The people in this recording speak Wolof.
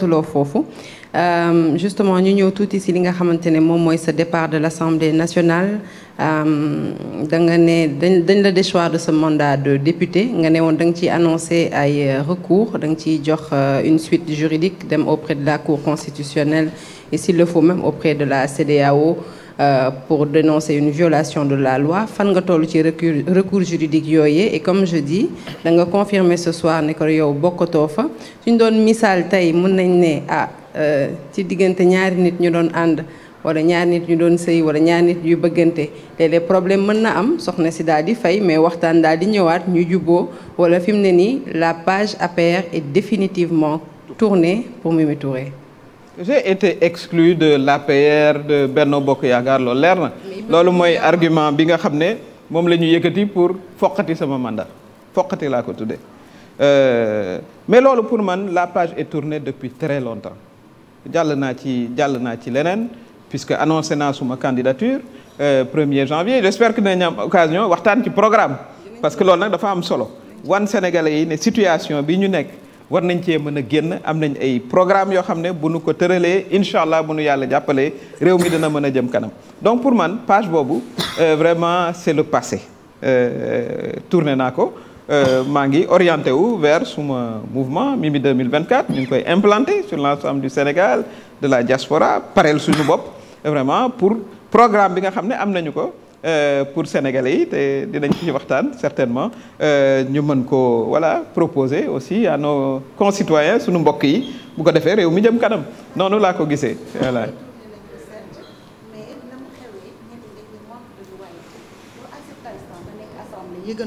tuloo foofu euh, justement ñu ñëw tuuti si li nga xamante ne moom mooy sa départ de l'Assemblée nationale euh, da nga ne dañ dañ la déchoir de ce mandat de député nga ne woon da nga ciy annoncé ay euh, recours da nga ciy jox une suite juridique dem auprès de la Cour constitutionnelle et s'il le faut même auprès de la CEDEAO Euh, pour dénoncer une violation de la loi fan nga toll ci recours recours juridique yooyee et comme je dis da nga confirmer ce soir ne ko yow bokkatoo fa suñ doon misaal tey mën nañ ne ah euh, ci diggante ñaari nit ñu doon ànd wala ñaari nit ñu doon sëy wala ñaari nit yu bëggante léeg problème mën na am soxna si daal di fay mais waxtaan daal di ñëwaat ñu juboo wala fi mu ne nii la page APR est définitivement tournée pour Mimi Touré j'ai été exclu de l'APR de benn Bokk Yaakaar loolu leer na loolu mooy argument bi nga xam ne moom la ñu yëkkati pour foqati sama mandat foqati laa ko tuddee euh, mais loolu pour man la page est tournée depuis très longtemps jàll naa ci jàll naa ci leneen puisque annoncé naa suma candidature euh, premier janvier j'espère que dinañ am occasion waxtaan ci programme parce que loolu nag dafa am solo wan sénégalais yi ne situation bi ñu nekk war nañ cee mën a génn am nañ ay programme yoo xam ne bu nu ko tëralee incha allah bu nu yàlla jàppalee réew mi dana mën a jëm kanam donc pour man page boobu euh, vraiment c'est le passé euh, tourné naa ko euh, maa ngi orienté wu vers suma mouvement Mimi 2024 ñu ngi koy implanté sur l'ensemble du Sénégal de la diaspora parel suñu bopp vraiment pour programme bi nga xam ne am nañu ko Euh, pour sénégalais yi te dinañ fi waxtaan certainement euh, ñu mën ko wala proposer aussi à no concitoyens suñu mbokk yi bu ko defee réew mi jëm kanam noonu laa ko gisee voilà.